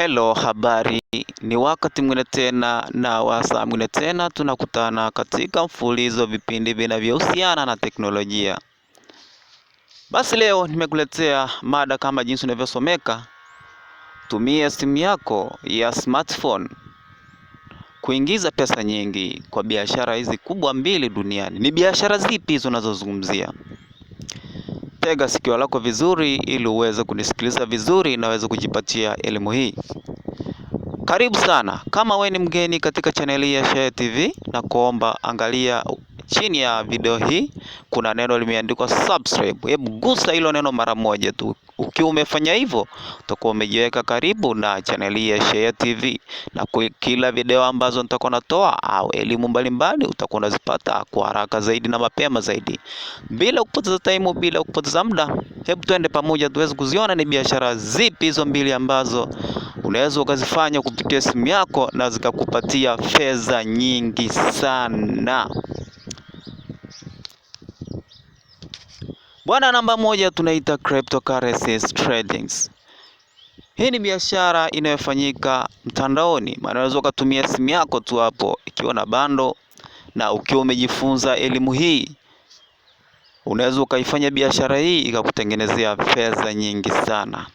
Hello, habari. Ni wakati mwingine tena na wasaa mwingine tena tunakutana katika mfululizo vipindi vinavyohusiana na teknolojia. Basi leo nimekuletea mada kama jinsi unavyosomeka: tumia simu yako ya smartphone kuingiza pesa nyingi kwa biashara hizi kubwa mbili duniani. Ni biashara zipi hizo unazozungumzia? Tega sikio lako vizuri ili uweze kunisikiliza vizuri na uweze kujipatia elimu hii. Karibu sana. Kama we ni mgeni katika chaneli ya Shayia TV na kuomba angalia Chini ya video hii kuna neno limeandikwa subscribe. Hebu gusa hilo neno mara moja tu. Ukiwa umefanya hivyo, utakuwa umejiweka karibu na chaneli ya Shayia TV, na kila video ambazo nitakuwa natoa au elimu mbalimbali utakuwa unazipata kwa haraka zaidi na mapema zaidi, bila kupoteza time, bila kupoteza muda. Hebu tuende pamoja tuweze kuziona ni biashara zipi hizo mbili ambazo unaweza ukazifanya kupitia simu yako na zikakupatia fedha nyingi sana. Bwana, namba moja tunaita cryptocurrencies tradings. Hii ni biashara inayofanyika mtandaoni, maana unaweza ukatumia simu yako tu hapo ikiwa na bando, na ukiwa umejifunza elimu hii unaweza ukaifanya biashara hii ikakutengenezea fedha nyingi sana.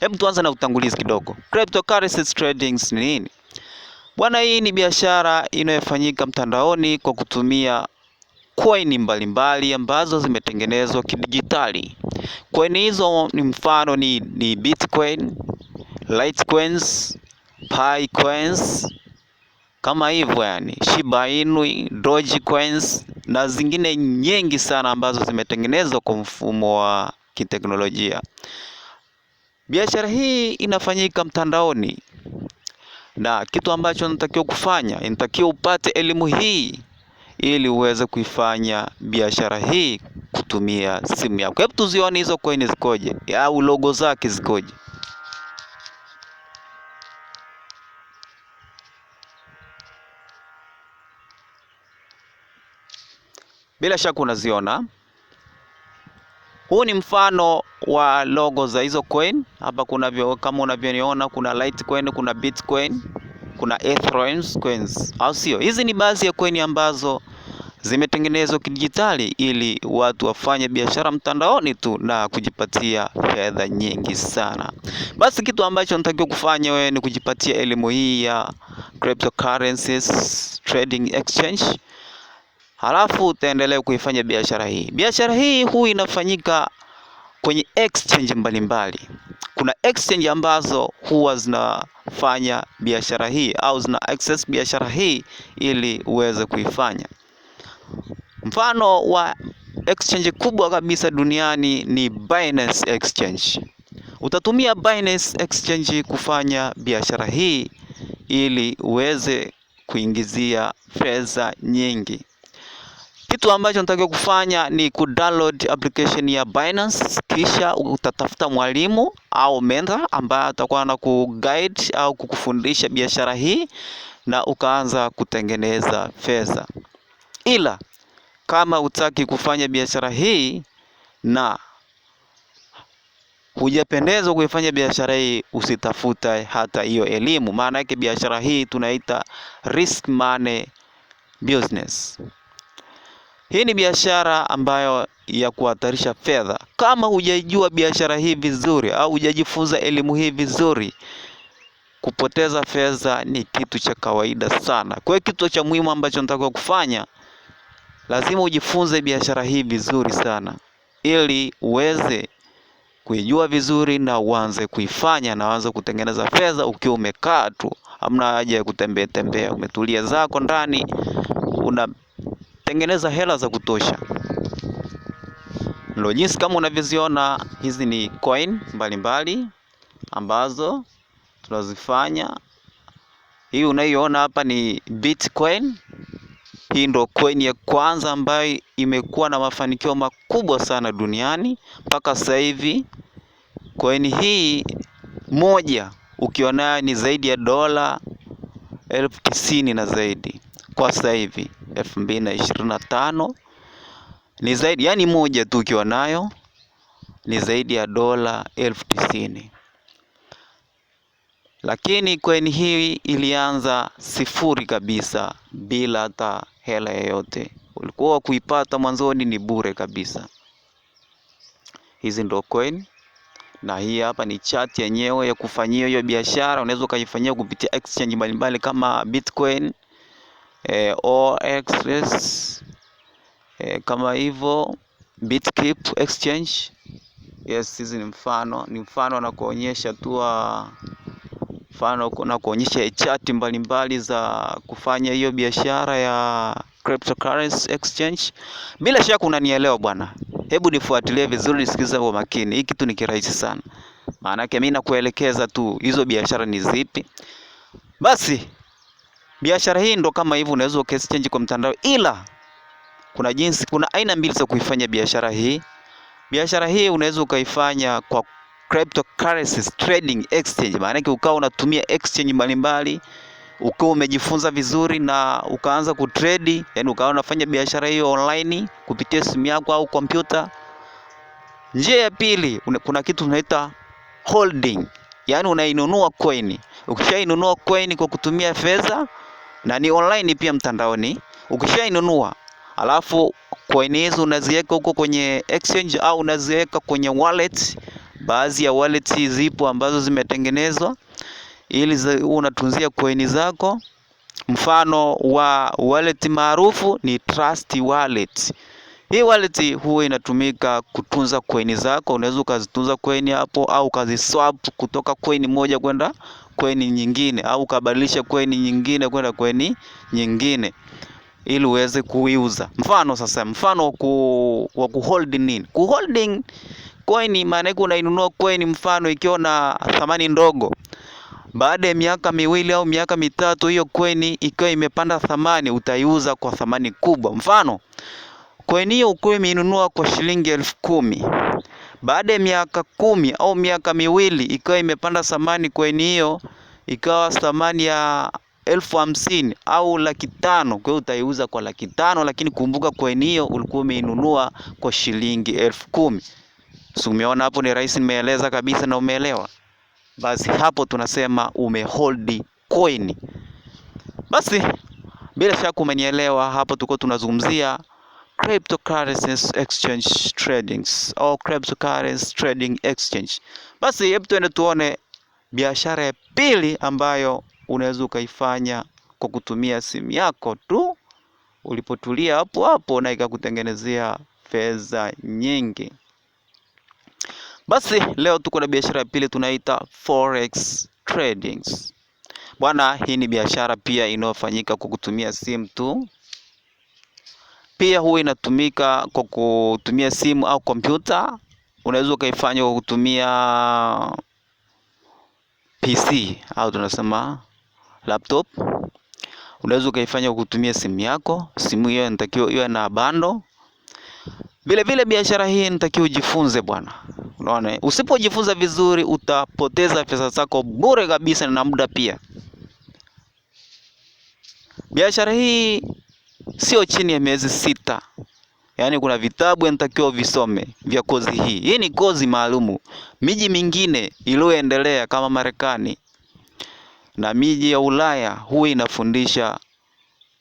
Hebu tuanze na utangulizi kidogo. Cryptocurrencies tradings ni nini? Bwana, hii ni biashara inayofanyika mtandaoni kwa kutumia koini mbalimbali ambazo zimetengenezwa kidijitali. Koini hizo ni mfano ni, ni Bitcoin, Pi coins kama hivyo yani, Shiba Inu, coins na zingine nyingi sana ambazo zimetengenezwa kwa mfumo wa kiteknolojia. Biashara hii inafanyika mtandaoni, na kitu ambacho natakiwa kufanya, inatakiwa upate elimu hii ili uweze kuifanya biashara hii kutumia simu yako. Hebu tuzione hizo coin zikoje au logo zake zikoje. Bila shaka unaziona. Huu ni mfano wa logo za hizo coin. Hapa kuna kama unavyoniona, kuna Litecoin, kuna Bitcoin kuna ethylene coins, au sio? Hizi ni baadhi ya coin ambazo zimetengenezwa kidijitali ili watu wafanye biashara mtandaoni tu na kujipatia fedha nyingi sana. Basi kitu ambacho natakiwa kufanya wewe ni kujipatia elimu hii ya cryptocurrencies trading exchange, halafu utaendelea kuifanya biashara hii. Biashara hii huu inafanyika kwenye exchange mbalimbali mbali kuna exchange ambazo huwa zinafanya biashara hii au zina access biashara hii ili uweze kuifanya. Mfano wa exchange kubwa kabisa duniani ni Binance Exchange. Utatumia Binance Exchange kufanya biashara hii ili uweze kuingizia fedha nyingi. Kitu ambacho unatakiwa kufanya ni download application ya Binance, kisha utatafuta mwalimu au mentor ambaye atakuwa na guide au kukufundisha biashara hii na ukaanza kutengeneza fedha. Ila kama utaki kufanya biashara hii na hujapendezwa kuifanya biashara hii, usitafute hata hiyo elimu. Maana yake biashara hii tunaita risk money business. Hii ni biashara ambayo ya kuhatarisha fedha. Kama hujajua biashara hii vizuri au hujajifunza elimu hii vizuri, kupoteza fedha ni kitu cha kawaida sana. Kwa hiyo kitu cha muhimu ambacho nataka kufanya, lazima ujifunze biashara hii vizuri sana, ili uweze kuijua vizuri na uanze kuifanya na uanze kutengeneza fedha ukiwa umekaa tu, hamna haja ya kutembea tembea, umetulia zako ndani una tengeneza hela za kutosha. Ndo jinsi kama unavyoziona, hizi ni coin mbalimbali ambazo tunazifanya. Hii unaiona hapa ni Bitcoin. Hii ndo coin ya kwanza ambayo imekuwa na mafanikio makubwa sana duniani mpaka sasa hivi. Coin hii moja ukiona ni zaidi ya dola elfu tisini na zaidi kwa sasa hivi elfu mbili na ishirini na tano ni zaidi, yani moja tu ukiwa nayo ni zaidi ya dola elfu tisini lakini koini hii ilianza sifuri kabisa, bila hata hela yoyote. Ulikuwa kuipata mwanzoni ni bure kabisa. Hizi ndo coin, na hii hapa ni chat yenyewe ya kufanyia hiyo biashara. Unaweza ukaifanyia kupitia exchange mbalimbali kama Bitcoin e, eh, OXS eh, kama hivyo Bitkeep Exchange. Yes, hizi ni mfano ni mfano na kuonyesha tu ah, mfano na kuonyesha chart mbalimbali za kufanya hiyo biashara ya cryptocurrency exchange. Bila shaka unanielewa bwana, hebu nifuatilie vizuri, nisikize kwa makini. Hii kitu ni kirahisi sana, maanake mimi nakuelekeza tu hizo biashara ni zipi basi Biashara hii ndo kama hivi, unaweza ukaexchange kwa mtandao, ila kuna jinsi, kuna aina mbili za kuifanya biashara hii. Biashara hii unaweza ukaifanya kwa cryptocurrencies trading exchange, maana yake ukawa unatumia exchange mbalimbali ukiwa umejifunza vizuri na ukaanza kutrade, yani ukawa unafanya biashara hiyo online kupitia simu yako au kompyuta. Njia ya pili, kuna kitu tunaita holding, yani unainunua coin. Ukishainunua coin kwa kutumia fedha na ni online pia mtandaoni. Ukishainunua alafu coin hizo unaziweka huko kwenye exchange au unaziweka kwenye wallet. Baadhi ya wallet zipo ambazo zimetengenezwa ili unatunzia coin zako. Mfano wa wallet maarufu ni Trust Wallet. Hii wallet huwa inatumika kutunza coin zako. Unaweza ukazitunza coin hapo au ukaziswap kutoka coin moja kwenda kweni nyingine au ukabadilisha kweni nyingine kwenda kweni nyingine ili uweze kuiuza. Mfano sasa, mfano ku, wa kuhold nini? Kuholding coin maana yake unainunua coin mfano ikiwa na thamani ndogo. Baada ya miaka miwili au miaka mitatu, hiyo coin ikiwa imepanda thamani, utaiuza kwa thamani kubwa. Mfano coin hiyo ukiwa imeinunua kwa shilingi elfu kumi baada ya miaka kumi au miaka miwili ikawa imepanda thamani koini hiyo ikawa thamani ya elfu hamsini au laki tano. Kwa hiyo utaiuza kwa laki tano, lakini kumbuka koini hiyo ulikuwa umeinunua kwa shilingi elfu kumi. Si umeona hapo? Ni rahisi, nimeeleza kabisa na umeelewa. Basi hapo tunasema umeholdi koini. Basi bila shaka umenielewa hapo, tulikuwa tunazungumzia cryptocurrencies exchange trading au cryptocurrency trading exchange. Basi hebu tuende tuone biashara ya pili ambayo unaweza ukaifanya kwa kutumia simu yako tu ulipotulia hapo hapo, na ikakutengenezea fedha nyingi. Basi leo tuko na biashara ya pili tunaita forex tradings. Bwana, hii ni biashara pia inayofanyika kwa kutumia simu tu. Pia huwa inatumika kwa kutumia simu au kompyuta, unaweza ukaifanya kwa kutumia PC au tunasema laptop. Unaweza ukaifanya kwa kutumia simu yako, simu hiyo inatakiwa iwe na bando. Vile vile biashara hii inatakiwa ujifunze bwana, unaona. Usipojifunza vizuri utapoteza pesa zako bure kabisa na muda pia. Biashara hii sio chini ya miezi sita. Yaani kuna vitabu yanatakiwa visome vya kozi hii. Hii ni kozi maalumu. Miji mingine iliyoendelea kama Marekani na miji ya Ulaya huwa inafundisha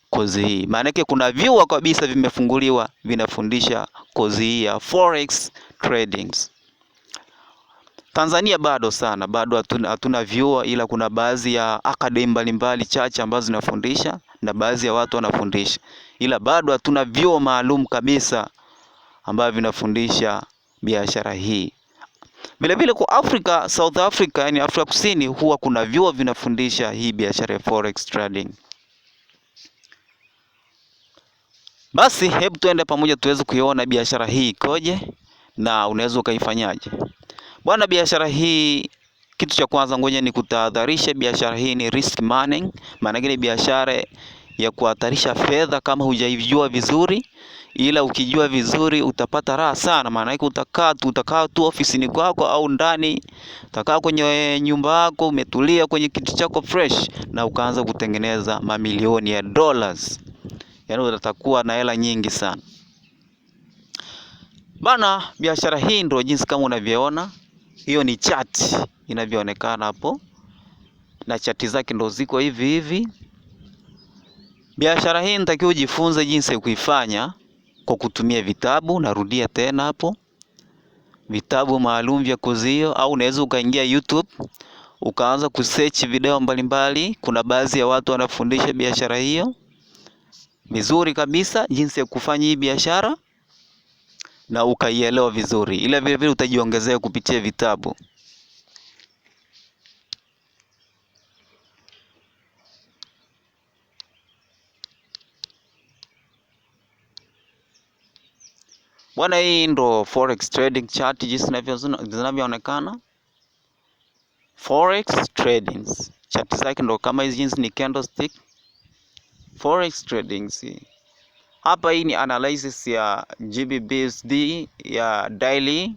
kozi hii, maanake kuna vyuo kabisa vimefunguliwa vinafundisha kozi hii ya forex tradings. Tanzania bado sana, bado hatuna, hatuna vyuo, ila kuna baadhi ya akademi mbalimbali chache ambazo zinafundisha na baadhi ya watu wanafundisha, ila bado hatuna vyuo maalum kabisa ambavyo vinafundisha biashara hii. vile kwa Afrika, South Africa, yani Afrika Kusini, huwa kuna vyuo vinafundisha hii biashara ya forex trading. Basi hebu tuende pamoja tuweze kuiona biashara hii ikoje na unaweza ukaifanyaje. Bwana, biashara hii kitu cha kwanza ngoja ni kutahadharisha, biashara hii ni risk money, maana ni biashara ya kuhatarisha fedha kama hujaijua vizuri, ila ukijua vizuri utapata raha sana. Maana yake utakaa tu utakaa tu ofisini kwako au ndani, utakaa kwenye nyumba yako umetulia kwenye kitu chako fresh, na ukaanza kutengeneza mamilioni ya dollars, Yani utakuwa na hela nyingi sana bana. Biashara hii ndio jinsi kama unavyoona. Hiyo ni chati inavyoonekana hapo, na chati zake ndo ziko hivi hivi. Biashara hii nitakiwa ujifunze jinsi ya kuifanya kwa kutumia vitabu. Narudia tena hapo, vitabu maalum vya kozi hiyo, au unaweza ukaingia YouTube ukaanza kusearch video mbalimbali mbali. Kuna baadhi ya watu wanafundisha biashara hiyo vizuri kabisa, jinsi ya kufanya hii biashara na ukaielewa vizuri, ila vile vile utajiongezea kupitia vitabu. Bwana, hii ndo forex trading chart jinsi zinavyoonekana. Forex trading chart zake ndo kama hizi, jinsi ni candlestick forex trading tradings. Hapa hii ni analysis ya GBBSD ya daily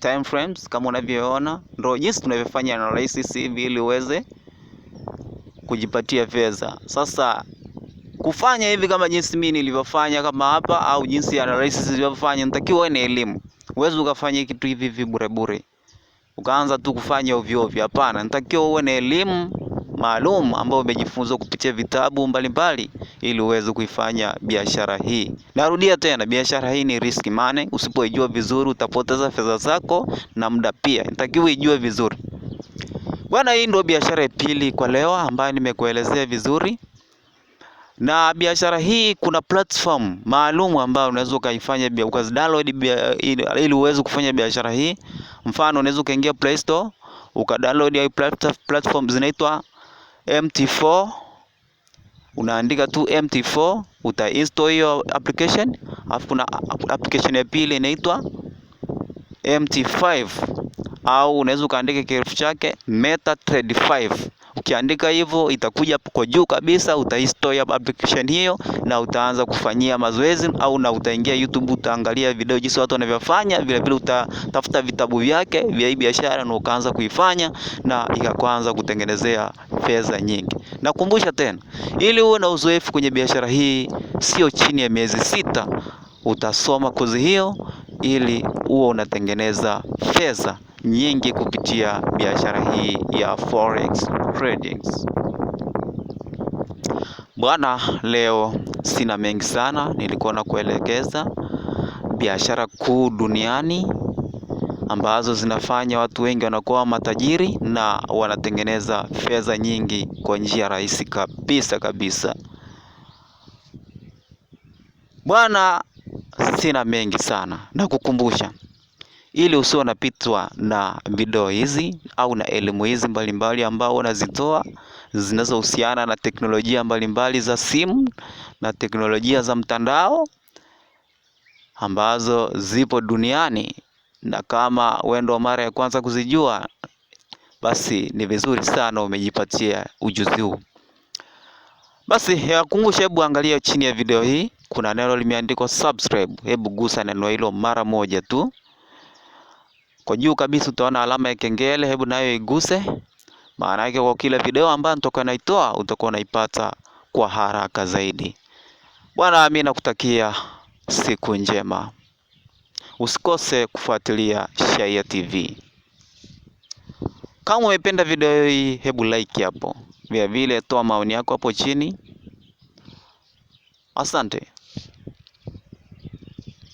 time frames, kama unavyoona, ndio jinsi tunavyofanya analysis hivi ili uweze kujipatia fedha. Sasa kufanya hivi kama jinsi mimi nilivyofanya kama hapa, au jinsi analysis nilivyofanya, nitakiwa uwe na elimu. Uwezi ukafanya kitu hivi hivi bure bure ukaanza tu kufanya ovyo ovyo, hapana. nitakiwa uwe na elimu maalum ambao umejifunza kupitia vitabu mbalimbali ili uweze kuifanya biashara hii. Narudia tena, biashara hii ni risk money. Usipoijua vizuri utapoteza fedha zako na muda pia. Inatakiwa ijue vizuri bwana. Hii ndio biashara ya pili kwa leo ambayo nimekuelezea vizuri na biashara hii kuna platform maalum ambayo unaweza ukaifanya download ili uweze kufanya biashara hii. Mfano, unaweza ukaingia Play Store ukadownload hii platform zinaitwa MT4 unaandika tu MT4, uta install hiyo application. Alafu kuna application ya pili inaitwa MT5 au unaweza ukaandika kirefu chake MetaTrader 5. Ukiandika hivyo itakuja kwa juu kabisa, utainstall application hiyo na utaanza kufanyia mazoezi, au na utaingia YouTube utaangalia video jinsi watu wanavyofanya, vile vile utatafuta vitabu vyake vya hii biashara na ukaanza kuifanya na ikaanza kutengenezea fedha nyingi. Nakumbusha tena, ili uwe na uzoefu kwenye biashara hii, sio chini ya miezi sita utasoma kozi hiyo ili uwe unatengeneza fedha nyingi kupitia biashara hii ya forex tradings. Bwana, leo sina mengi sana, nilikuwa na kuelekeza biashara kuu duniani ambazo zinafanya watu wengi wanakuwa matajiri na wanatengeneza fedha nyingi kwa njia rahisi kabisa kabisa. Bwana, sina mengi sana, nakukumbusha ili usio unapitwa na video hizi au na elimu hizi mbalimbali ambao unazitoa zinazohusiana na teknolojia mbalimbali mbali za simu na teknolojia za mtandao ambazo zipo duniani, na kama wewe ndo mara ya kwanza kuzijua, basi ni vizuri sana umejipatia ujuzi huu. Basi yakumbusha, hebu angalia chini ya video hii, kuna neno limeandikwa subscribe. Hebu gusa neno hilo mara moja tu. Kwa juu kabisa utaona alama ya kengele, hebu nayo iguse. Maana yake kwa kila video ambayo nitakuwa naitoa utakuwa unaipata kwa haraka zaidi. Bwana, mimi nakutakia siku njema, usikose kufuatilia Shayia TV. Kama umependa video hii, hebu like hapo, vile toa maoni yako hapo chini. Asante.